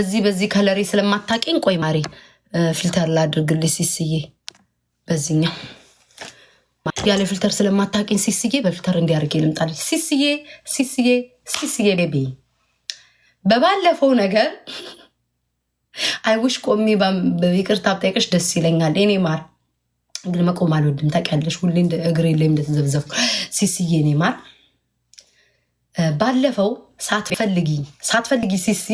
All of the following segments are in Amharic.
በዚህ በዚህ ከለሬ ስለማታውቂኝ ቆይ ማሪ ፊልተር ላድርግልሽ ሲስዬ በዚህኛው ያለ ፊልተር ስለማታውቂኝ ሲስዬ በፊልተር እንዲያርግ ልምጣል ሲስዬ ሲስዬ ሲስዬ ቤቢ በባለፈው ነገር አይውሽ ቆሚ ይቅርታ ብጠይቅሽ ደስ ይለኛል እኔ ማር ግን መቆም አልወድም ታውቂያለሽ ሁሌ እግሬ ላይ እንደተዘብዘብኩ ሲስዬ እኔ ማር ባለፈው ሳትፈልጊ ሳትፈልጊ ሲሲ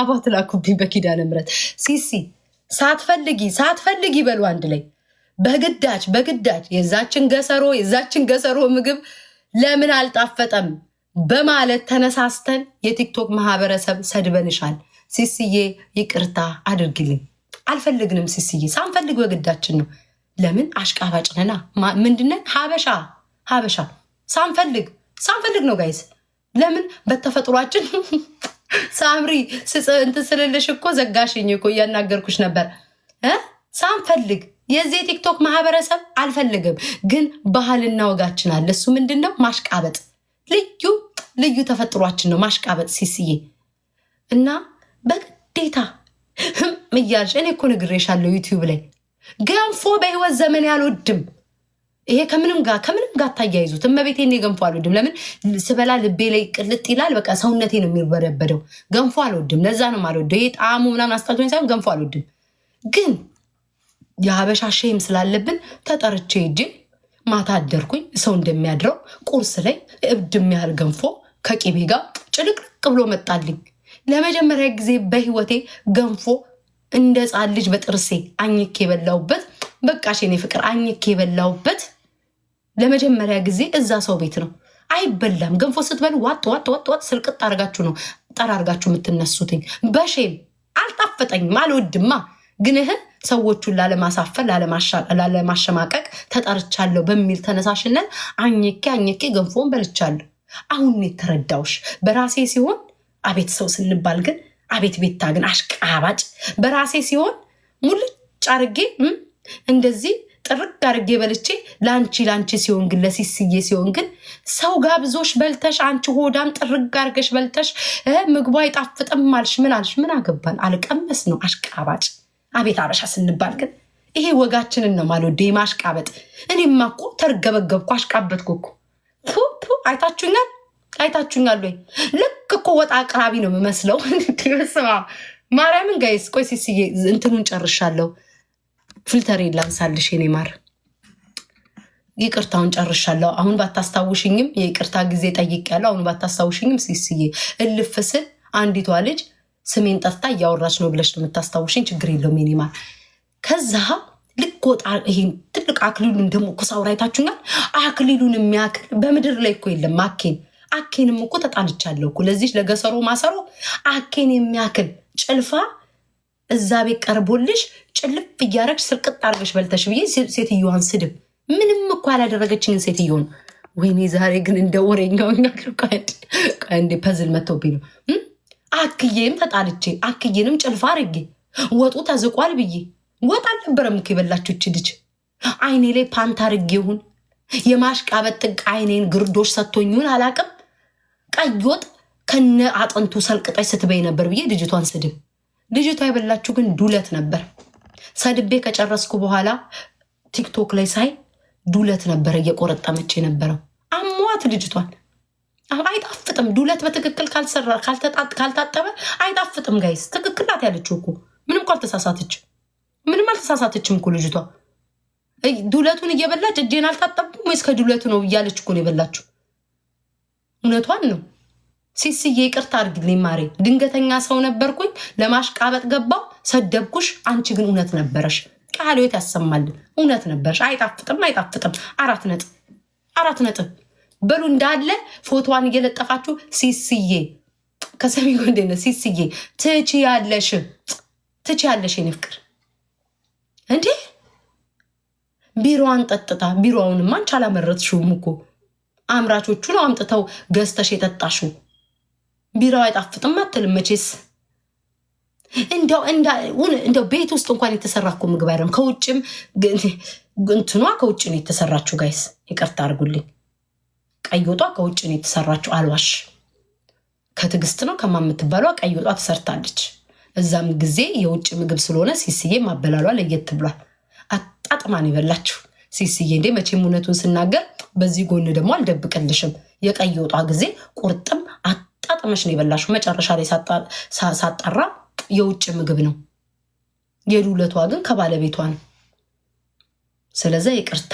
አባት ላኩብኝ በኪዳነ ምሕረት ሲሲ ሳትፈልጊ ሳትፈልጊ በሉ አንድ ላይ በግዳጅ በግዳጅ የዛችን ገሰሮ የዛችን ገሰሮ ምግብ ለምን አልጣፈጠም በማለት ተነሳስተን የቲክቶክ ማህበረሰብ ሰድበንሻል። ሲስዬ ይቅርታ አድርግልኝ። አልፈልግንም ሲስዬ፣ ሳንፈልግ በግዳችን ነው። ለምን አሽቃባጭ ነና። ምንድነን? ሀበሻ ሀበሻ። ሳንፈልግ ሳንፈልግ ነው ጋይስ። ለምን በተፈጥሯችን ሳምሪ እንትን ስልልሽ እኮ ዘጋሽኝ እኮ እያናገርኩሽ ነበር። ሳንፈልግ የዚህ ቲክቶክ ማህበረሰብ አልፈልግም፣ ግን ባህልና ወጋችን አለ። እሱ ምንድን ነው? ማሽቃበጥ። ልዩ ልዩ ተፈጥሯችን ነው ማሽቃበጥ። ሲስዬ እና በግዴታ ህም እያልሽ እኔ እኮ ንግሬሻለሁ። ዩቲዩብ ላይ ገንፎ በህይወት ዘመን ያልወድም ይሄ ከምንም ጋር ከምንም ጋር ታያይዙት። እመቤቴን ገንፎ አልወድም። ለምን ስበላ ልቤ ላይ ቅልጥ ይላል። በቃ ሰውነቴ ነው የሚበረበደው። ገንፎ አልወድም። ለዛ ነው አልወደው። ይሄ ጣዕሙ ምናምን አስጠልቶኝ ሳይሆን ገንፎ አልወድም። ግን የሀበሻ ሼም ስላለብን ተጠርቼ ሄጄ ማታ አደርኩኝ። ሰው እንደሚያድረው ቁርስ ላይ እብድ የሚያህል ገንፎ ከቂቤ ጋር ጭልቅልቅ ብሎ መጣልኝ። ለመጀመሪያ ጊዜ በህይወቴ ገንፎ እንደ ጻን ልጅ በጥርሴ አኝኬ የበላሁበት በቃ ሼኔ ፍቅር አኝኬ የበላሁበት ለመጀመሪያ ጊዜ እዛ ሰው ቤት ነው። አይበላም ገንፎ ስትበሉ ዋጥ ዋጥ ዋጥ ዋጥ ስልቅጥ አርጋችሁ ነው ጠራርጋችሁ የምትነሱትኝ። በሼም አልጣፈጠኝም፣ አልወድማ። ግን ሰዎቹን ላለማሳፈር ላለማሸማቀቅ ተጠርቻለሁ በሚል ተነሳሽነት አኝኬ አኝኬ ገንፎን በልቻለሁ። አሁን የተረዳውሽ በራሴ ሲሆን አቤት ሰው ስንባል ግን አቤት ቤታ ግን አሽቃባጭ በራሴ ሲሆን ሙልጭ አርጌ እንደዚህ ጥርግ አርጌ በልቼ ለአንቺ ለአንቺ ሲሆን ግን ለሲስዬ ሲሆን ግን ሰው ጋብዞሽ በልተሽ አንቺ ሆዳም ጥርግ አርገሽ በልተሽ ምግቡ አይጣፍጥም አልሽ ምን አልሽ ምን አገባን አልቀመስ ነው አሽቃባጭ አቤት አበሻ ስንባል ግን ይሄ ወጋችንን ነው ማለት ወደ ማሽቃበጥ እኔማ እኮ ተርገበገብኩ አሽቃበጥኩ እኮ አይታችሁኛል አይታችሁኛል ወይ ልክ እኮ ወጣ አቅራቢ ነው የምመስለው ስማ ማርያምን ጋይስ ቆይ ሲስዬ እንትኑን ጨርሻለሁ ፊልተር ላንሳልሽ የኔ ማር። ይቅርታውን ጨርሻለሁ። አሁን ባታስታውሽኝም የቅርታ ጊዜ ያለው አሁን ባታስታውሽኝም ሲስዬ እልፍስል አንዲቷ ልጅ ስሜን ጠፍታ እያወራች ነው ብለሽ ነው የምታስታውሽኝ። ችግር የለውም የኔ ማር። ከዛ ልክ ወጣ ይሄን ትልቅ አክሊሉን ደግሞ ኩሳውራ አይታችሁኛል። አክሊሉን የሚያክል በምድር ላይ እኮ የለም። አኬን አኬንም እኮ ተጣልቻለሁ እኮ ለዚች ለገሰሮ ማሰሮ አኬን የሚያክል ጭልፋ እዛ ቤት ቀርቦልሽ ጭልፍ እያረግሽ ስርቅጥ አርገሽ በልተሽ ብዬ ሴትዮዋን ስድብ ምንም እኮ ያላደረገችኝን ሴትዮን ወይኔ ዛሬ ግን እንደ ወሬኛውኛ ቀንዴ ፐዝል መተውብኝ ነው። አክዬም ተጣልቼ አክዬንም ጭልፋ አርጌ ወጡ ተዝቋል ብዬ ወጥ አልነበረም እኮ የበላችሁ እች ልጅ አይኔ ላይ ፓንት አርጌ ይሁን የማሽቃበጥ ጥግ አይኔን ግርዶሽ ሰጥቶኝሁን አላቅም። ቀይ ወጥ ከነ አጥንቱ ሰልቅጣች ስትበይ ነበር ብዬ ልጅቷን ስድብ ልጅቷ የበላችሁ ግን ዱለት ነበር። ሰድቤ ከጨረስኩ በኋላ ቲክቶክ ላይ ሳይ ዱለት ነበር እየቆረጠመች የነበረው። አሟት ልጅቷን። አይጣፍጥም ዱለት በትክክል ካልሰራ ካልታጠበ አይጣፍጥም። ጋይስ ትክክል ናት ያለችው እኮ ምንም እኮ አልተሳሳተች፣ ምንም አልተሳሳተችም እኮ ልጅቷ። ዱለቱን እየበላች እጄን አልታጠብኩም ወይስ ከዱለቱ ነው እያለች እኮ ነው የበላችሁ። እውነቷን ነው። ሲስዬ ይቅርታ አድርግልኝ ማሬ፣ ድንገተኛ ሰው ነበርኩኝ፣ ለማሽቃበጥ ገባው፣ ሰደብኩሽ። አንቺ ግን እውነት ነበረሽ። ቃል ቤት ያሰማልን። እውነት ነበረሽ። አይጣፍጥም፣ አይጣፍጥም። አራት ነጥብ፣ አራት ነጥብ በሉ እንዳለ ፎቶዋን እየለጠፋችሁ ሲስዬ ከሰሚ ወንዴነ ሲስዬ ትቺ ያለሽ ትቺ ያለሽ የኔ ፍቅር እንዴ ቢሮዋን ጠጥታ ቢሮውንም አንቺ አላመረትሽውም እኮ አምራቾቹ ነው አምጥተው ገዝተሽ የጠጣሽው። ቢራው አይጣፍጥም አትልም መቼስ። እንደው ቤት ውስጥ እንኳን የተሰራ እኮ ምግብ አይደለም። ከውጭም እንትኗ ከውጭ ነው የተሰራችው። ጋይስ ይቅርታ አድርጉልኝ፣ ቀይ ከውጭ ነው የተሰራችው። አልዋሽ ከትዕግስት ነው ከማምትባሏ ቀይ ወጧ ተሰርታለች። እዛም ጊዜ የውጭ ምግብ ስለሆነ ሲስዬ ማበላሏ ለየት ብሏል። አጣጥማን ይበላችሁ ሲስዬ። እንዴ መቼም እውነቱን ስናገር በዚህ ጎን ደግሞ አልደብቅልሽም። የቀይ ወጧ ጊዜ ቁርጥም አጣጥመሽ ነው የበላሽው። መጨረሻ ላይ ሳጣራ የውጭ ምግብ ነው። የሉለቷ ግን ከባለቤቷ ነው። ስለዚ ይቅርታ፣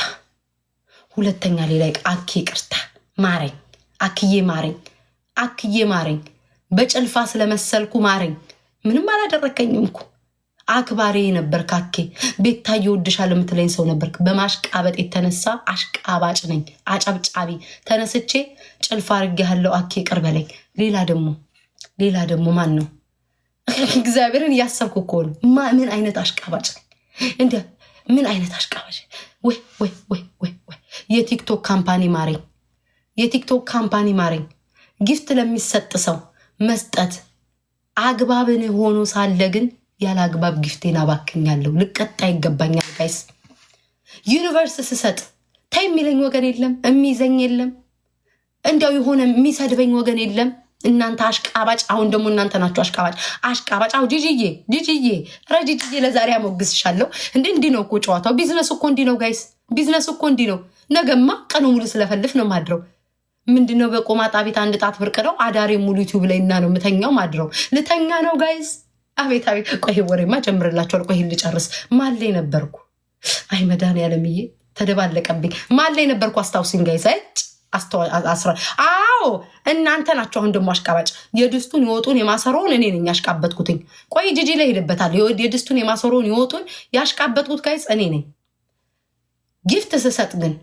ሁለተኛ ሌላ አኬ ይቅርታ፣ ማረኝ፣ አክዬ ማረኝ፣ አክዬ ማረኝ፣ በጭልፋ ስለመሰልኩ ማረኝ። ምንም አላደረከኝም እኮ አክባሪ ነበር። ካኬ ቤታ እወድሻለሁ ለምትለኝ ሰው ነበር። በማሽቃበጥ የተነሳ አሽቃባጭ ነኝ፣ አጨብጫቢ ተነስቼ ጭልፋ አድርጌ ያለው አኬ ቅርበለኝ። ሌላ ደግሞ ሌላ ደግሞ ማን ነው? እግዚአብሔርን እያሰብኩ እኮ ነው። ምን አይነት አሽቃባጭ እንዲ ምን አይነት አሽቃባጭ ወይ ወይ ወይ ወይ የቲክቶክ ካምፓኒ ማረኝ፣ የቲክቶክ ካምፓኒ ማረኝ። ጊፍት ለሚሰጥ ሰው መስጠት አግባብን ሆኖ ሳለ ግን ያለ አግባብ ጊፍቴን አባክኛለሁ። ልቀጣ ይገባኛል ጋይስ። ዩኒቨርስ ስሰጥ ተይ የሚለኝ ወገን የለም፣ የሚይዘኝ የለም፣ እንዲያው የሆነ የሚሰድበኝ ወገን የለም። እናንተ አሽቃባጭ። አሁን ደግሞ እናንተ ናችሁ አሽቃባጭ አሽቃባጭ። አሁ ጂጂዬ ጂጂዬ ረ ጂጂዬ ለዛሬ አሞግስሻለሁ። እንዴ እንዲ ነው እኮ ጨዋታው። ቢዝነስ እኮ እንዲ ነው ጋይስ፣ ቢዝነስ እኮ እንዲ ነው። ነገማ ቀኑ ሙሉ ስለፈልፍ ነው ማድረው። ምንድነው በቆማጣ ቤት አንድ ጣት ብርቅ ነው። አዳሪ ሙሉ ዩቲዩብ ላይ እና ነው ምተኛው ማድረው። ልተኛ ነው ጋይስ። አቤት አቤት። ቆይ ወሬማ ጀምርላችኋል። ቆይ ልጨርስ። ማለ ነበርኩ። አይ መድኃኒዓለምዬ ተደባለቀብኝ። ማለ ነበርኩ። አስታውሲን ጋይስ። አይጭ አስረዋል። አዎ እናንተ ናቸው። አሁን ደግሞ አሽቃባጭ የድስቱን የወጡን የማሰሮውን እኔ ነኝ ያሽቃበጥኩትኝ። ቆይ ጂጂ ላይ ሄደበታል። የድስቱን የማሰሮውን የወጡን ያሽቃበጥኩት ጋይስ እኔ ነኝ። ጊፍት ስሰጥ ግን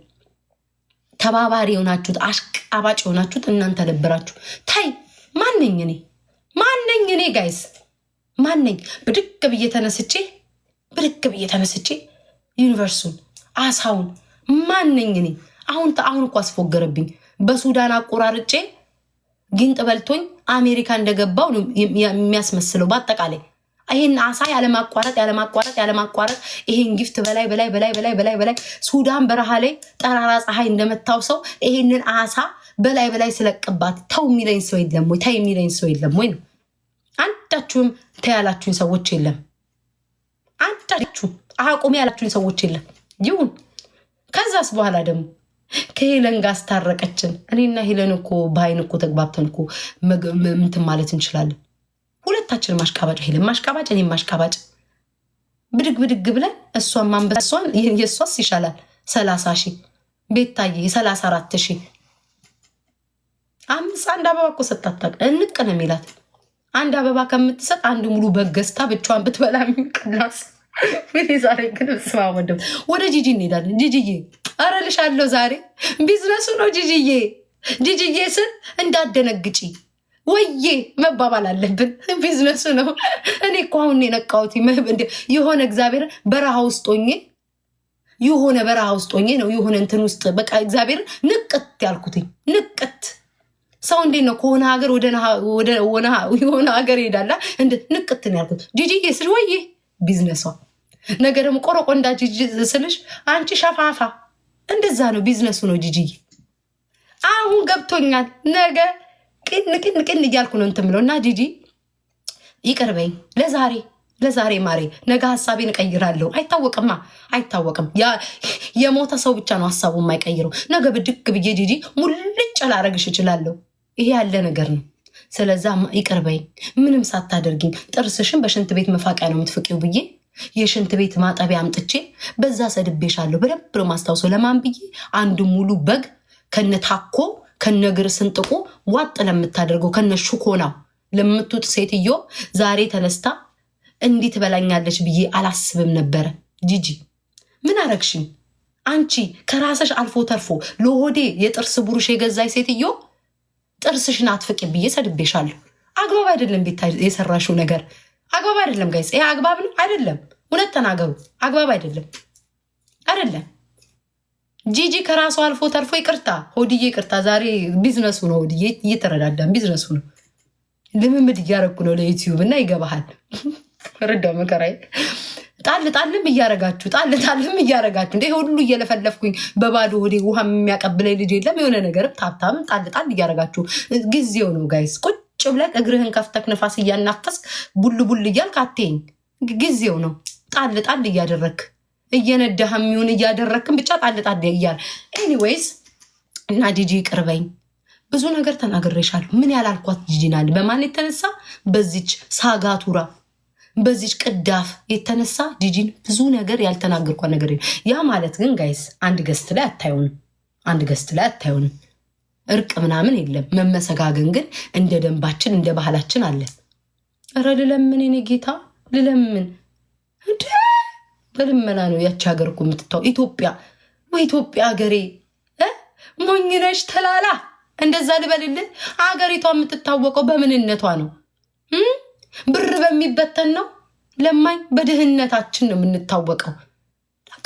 ተባባሪ የሆናችሁት አሽቃባጭ የሆናችሁት እናንተ ነበራችሁ። ታይ ማነኝ እኔ ማነኝ እኔ ጋይስ ማነኝ? ብድቅ ብዬ ተነስቼ ብድቅ ብዬ ተነስቼ ዩኒቨርሱን አሳውን ማነኝ እኔ አሁን አሁን እኮ አስፎገረብኝ። በሱዳን አቆራርጬ ግንጥ በልቶኝ አሜሪካ እንደገባው የሚያስመስለው በአጠቃላይ ይህን አሳ ያለማቋረጥ ያለማቋረጥ ያለማቋረጥ ይሄን ጊፍት በላይ በላይ በላይ በላይ በላይ በላይ ሱዳን በረሃ ላይ ጠራራ ፀሐይ እንደመታው ሰው ይሄንን አሳ በላይ በላይ ስለቅባት ተው የሚለኝ ሰው የለም ወይ? ተይ የሚለኝ ሰው የለም ወይ ነው። አንዳችሁም ተያላችሁኝ ሰዎች የለም። አንዳችሁ አቁሚ ያላችሁኝ ሰዎች የለም። ይሁን ከዛስ በኋላ ደግሞ ከሄለን ጋር አስታረቀችን። እኔና ሄለን እኮ በአይን እኮ ተግባብተን እኮ እንትን ማለት እንችላለን። ሁለታችን ማሽቃባጭ፣ ሄለን ማሽቃባጭ፣ እኔም ማሽቃባጭ ብድግ ብድግ ብለን እሷን ማንበሷን የእሷስ ይሻላል። ሰላሳ ሺህ ቤታዬ የሰላሳ አራት ሺ አምስት አንድ አበባ እኮ ሰጣታቅ እንቅ ነው የሚላት አንድ አበባ ከምትሰጥ አንድ ሙሉ በገዝታ ብቻዋን ብትበላ የሚቀላስ ምን ዛሬ ግን ስማ ወደ ጂጂ እንሄዳለን ጂጂዬ አረልሻለሁ። ዛሬ ቢዝነሱ ነው ጂጂዬ። ጂጂዬ ስን እንዳደነግጪ ወዬ መባባል አለብን። ቢዝነሱ ነው። እኔ እኮ አሁን የነቃሁት የሆነ እግዚአብሔር በረሃ ውስጥ ሆኜ የሆነ በረሃ ውስጥ ሆኜ ነው የሆነ እንትን ውስጥ በቃ እግዚአብሔር ንቅት ያልኩትኝ ንቅት ሰው እንዴት ነው ከሆነ ሀገር የሆነ ሀገር ይሄዳላ? ንቅት ነው ያልኩት። ጂጂዬ ስል ወዬ ቢዝነሷ ነገ ደግሞ ቆረቆንዳ ጂጂ ስልሽ አንቺ ሸፋፋ እንደዛ ነው ቢዝነሱ ነው። ጂጂዬ አሁን ገብቶኛል። ነገ ቅን ቅን ቅን እያልኩ ነው እንትን ምለው እና ጂጂ ይቅርበኝ ለዛሬ ለዛሬ ማሬ፣ ነገ ሀሳቤን እቀይራለሁ። አይታወቅማ አይታወቅም። የሞተ ሰው ብቻ ነው ሀሳቡ የማይቀይረው። ነገ ብድግ ብዬ ጂጂ ሙልጭ ላረግሽ እችላለሁ። ይሄ ያለ ነገር ነው። ስለዛ ይቅርበኝ፣ ምንም ሳታደርግኝ ጥርስሽን በሽንት ቤት መፋቂያ ነው የምትፍቂው ብዬ የሽንት ቤት ማጠቢያ አምጥቼ በዛ ሰድቤሻለሁ። በደንብ ነው ማስታውሰው። ለማን ብዬ አንድ ሙሉ በግ ከነ ታኮ ከነ ግር ስንጥቁ ዋጥ ለምታደርገው ከነ ሹኮናው ለምትውጥ ሴትዮ ዛሬ ተነስታ እንዲህ ትበላኛለች ብዬ አላስብም ነበረ። ጂጂ ምን አረግሽኝ አንቺ? ከራስሽ አልፎ ተርፎ ለሆዴ የጥርስ ብሩሽ የገዛች ሴትዮ ጥርስሽን አትፍቅ ብዬ ሰድቤሻለሁ። አግባብ አይደለም ቤታ የሰራሽው ነገር አግባብ አይደለም ጋይስ። ይሄ አግባብ ነው አይደለም። እውነት ተናገሩ። አግባብ አይደለም አይደለም። ጂጂ ከራሱ አልፎ ተርፎ ይቅርታ ሆድዬ፣ ይቅርታ። ዛሬ ቢዝነሱ ነው ሆድዬ፣ እየተረዳዳን ቢዝነሱ ነው። ልምምድ እያረግኩ ነው ለዩትዩብ እና ይገባሃል። ረዳው መከራይ ጣል ጣልም እያረጋችሁ ጣል ጣልም እያረጋችሁ እንደ ሁሉ እየለፈለፍኩኝ በባዶ ሆዴ ውሃ የሚያቀብለኝ ልጅ የለም። የሆነ ነገርም ታብታብም ጣል ጣል እያረጋችሁ ጊዜው ነው ጋይስ ቁጭ ቁጭ ብለህ እግርህን ከፍተክ ንፋስ እያናፈስክ ቡል ቡል እያልክ አትይኝ። ጊዜው ነው። ጣል ጣል እያደረግክ እየነዳህ የሚሆን እያደረግክን ብቻ ጣል ጣል እያል ኤኒዌይስ እና ጂጂ ቅርበኝ ብዙ ነገር ተናግሬሻለሁ። ምን ያላልኳት ጂጂናል በማን የተነሳ በዚች ሳጋቱራ በዚች ቅዳፍ የተነሳ ጂጂን ብዙ ነገር ያልተናገርኳ ነገር ያ ማለት ግን ጋይስ አንድ ገስት ላይ አታዩንም፣ አንድ ገስት ላይ አታዩንም። እርቅ ምናምን የለም። መመሰጋገን ግን እንደ ደንባችን እንደ ባህላችን አለ። እረ ልለምን ኔ ጌታ ልለምን እንደ በልመና ነው ያቺ ሀገር እኮ የምትታው ኢትዮጵያ ወይ ኢትዮጵያ ሀገሬ ሞኝነሽ ተላላ እንደዛ ልበልልህ። ሀገሪቷ የምትታወቀው በምንነቷ ነው። ብር በሚበተን ነው ለማኝ በድህነታችን ነው የምንታወቀው።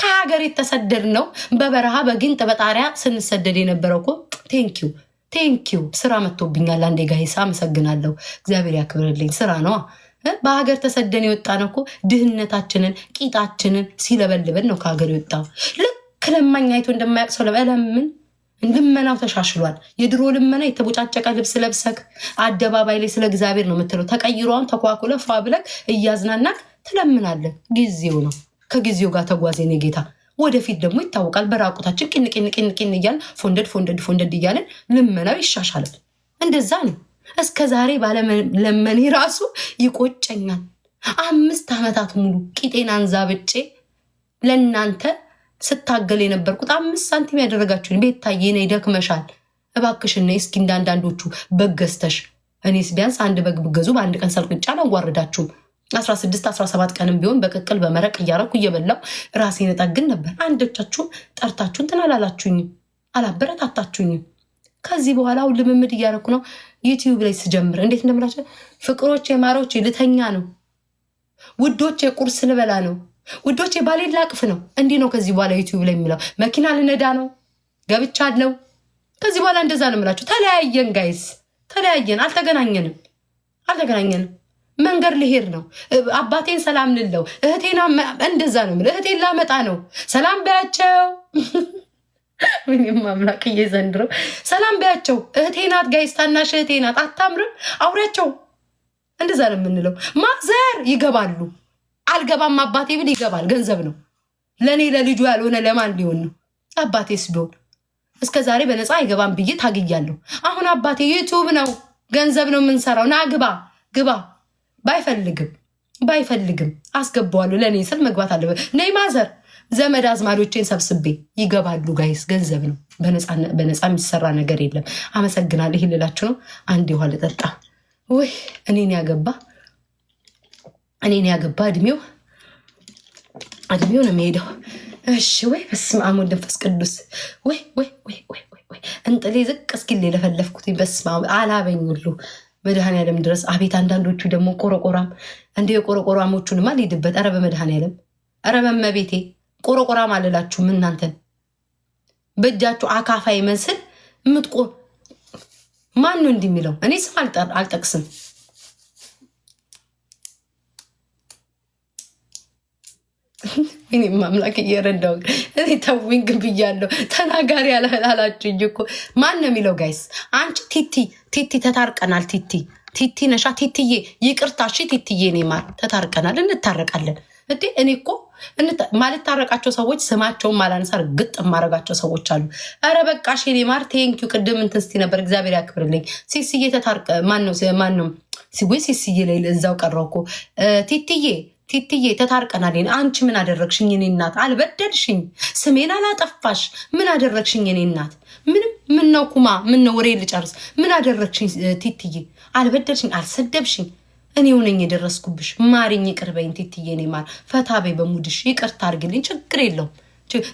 ከሀገር የተሰደድ ነው በበረሃ በግንጥ በጣሪያ ስንሰደድ የነበረው እኮ ቴንኪው ቴንኪው። ስራ መጥቶብኛል። አንዴ ጋይስ አመሰግናለሁ። እግዚአብሔር ያክብርልኝ። ስራ ነዋ። በሀገር ተሰደን የወጣ ነው እኮ ድህነታችንን ቂጣችንን ሲለበልበን ነው ከሀገር የወጣው። ልክ ለማኝ አይቶ እንደማያውቅ ሰው ለምን ልመናው ተሻሽሏል። የድሮ ልመና የተቦጫጨቀ ልብስ ለብሰክ አደባባይ ላይ ስለ እግዚአብሔር ነው የምትለው። ተቀይሯን ተኳኩለ ፏ ብለክ እያዝናናክ ትለምናለን። ጊዜው ነው። ከጊዜው ጋር ተጓዜ ኔ ጌታ ወደፊት ደግሞ ይታወቃል። በራቁታችን ቅንቅንቅንቅን እያል ፎንደድ ፎንደድ ፎንደድ እያለን ልመናው ይሻሻላል። እንደዛ ነው። እስከ ዛሬ ባለመለመኔ ራሱ ይቆጨኛል። አምስት ዓመታት ሙሉ ቂጤን አንዛብጬ ለእናንተ ስታገል የነበርኩት አምስት ሳንቲም ያደረጋችሁን ቤታዬ ነይ ደክመሻል፣ እባክሽን እስኪ እንዳንዳንዶቹ በግ ገዝተሽ እኔስ ቢያንስ አንድ በግ ብገዙ በአንድ ቀን ሰልቅጫ አላዋርዳችሁም። አስራ ስድስት አስራ ሰባት ቀንም ቢሆን በቅቅል በመረቅ እያረኩ እየበላው ራሴን እጠግን ነበር። አንዶቻችሁም ጠርታችሁ እንትን አላላችሁኝም፣ አላበረታታችሁኝም። ከዚህ በኋላ አሁን ልምምድ እያረኩ ነው። ዩቲዩብ ላይ ስጀምር እንዴት እንደምላቸው ፍቅሮች የማሮች ልተኛ ነው፣ ውዶች የቁርስ ልበላ ነው፣ ውዶች የባሌን ላቅፍ ነው። እንዲህ ነው ከዚህ በኋላ ዩቲዩብ ላይ የሚለው መኪና ልነዳ ነው ገብቻ አለው ከዚህ በኋላ እንደዛ ነው የምላቸው። ተለያየን ጋይስ፣ ተለያየን፣ አልተገናኘንም፣ አልተገናኘንም። መንገድ ልሄድ ነው። አባቴን ሰላም ልለው እህቴና እንደዛ ነው የምልህ። እህቴን ላመጣ ነው። ሰላም በያቸው። ምንም አምላክ ዘንድሮ ሰላም በያቸው። እህቴ ናት፣ ጋይስ ታናሽ እህቴ ናት። አታምርም? አውሪያቸው። እንደዛ ነው የምንለው። ማዘር ይገባሉ። አልገባም አባቴ ብል ይገባል። ገንዘብ ነው ለእኔ ለልጁ ያልሆነ ለማን ሊሆን ነው? አባቴስ ቢሆን እስከ ዛሬ በነፃ አይገባም ብዬ ታግያለሁ። አሁን አባቴ ዩቱብ ነው ገንዘብ ነው የምንሰራው። ና ግባ ግባ ባይፈልግም ባይፈልግም አስገባዋለሁ። ለእኔ ስል መግባት አለበት። ነይ ማዘር ዘመድ አዝማሪዎቼን ሰብስቤ ይገባሉ። ጋይስ ገንዘብ ነው፣ በነፃ የሚሰራ ነገር የለም። አመሰግናለሁ። ይህ ልላችሁ ነው። አንድ ውሃ ልጠጣ። ውይ እኔን ያገባ እኔን ያገባ እድሜው እድሜው ነው የሚሄደው። እሺ ወይ በስመ አብ ወወልድ ወመንፈስ ቅዱስ። ወይ ወይ ወይ ወይ እንጥሌ ዝቅ እስኪል የለፈለፍኩት በስመ አብ አላበኝ ሁሉ መድኃኔዓለም ድረስ አቤት። አንዳንዶቹ ደግሞ ቆረቆራም እንደ ማ ሊድበት ኧረ በመድኃኔዓለም ኧረ በመቤቴ ቆረቆራም አልላችሁም እናንተን በእጃችሁ አካፋ ይመስል ምጥቆ ማኑ ነው እንዲህ የሚለው? እኔ ስም አልጠቅስም። እኔ ማምላክ እየረዳው እኔ ተውኝ ግን ብያለሁ። ተናጋሪ አላችሁኝ እኮ ማን ነው የሚለው? ጋይስ አንቺ ቲቲ ቲቲ ተታርቀናል። ቲቲ ቲቲ ነሻ ቲትዬ ይቅርታ እሺ። ቲትዬ እኔ ማር ተታርቀናል፣ እንታረቃለን እንዴ እኔ እኮ ማለት ታረቃቸው ሰዎች ስማቸውን ማላነሳ ግጥ የማረጋቸው ሰዎች አሉ። ኧረ በቃሽ የኔ ማር ቴንኪው። ቅድም እንትን እስቲ ነበር እግዚአብሔር ያክብርልኝ። ሲስዬ ተታርቀ ማን ነው ማን ነው ሲስዬ ላይ እዛው ቀረው እኮ ቲትዬ ቲትዬ ተታርቀናል። አንቺ ምን አደረግሽኝ? እኔ እናት አልበደልሽኝ፣ ስሜን አላጠፋሽ። ምን አደረግሽኝ? እኔ እናት ምንም። ምን ነው ኩማ፣ ምን ነው ወሬ ልጨርስ። ምን አደረግሽኝ? ቲትዬ አልበደልሽኝ፣ አልሰደብሽኝ። እኔው ነኝ የደረስኩብሽ። ማሪኝ፣ ይቅር በይኝ ቲትዬ። እኔ ማር ፈታቤ በሙድሽ ይቅርታ አድርግልኝ። ችግር የለውም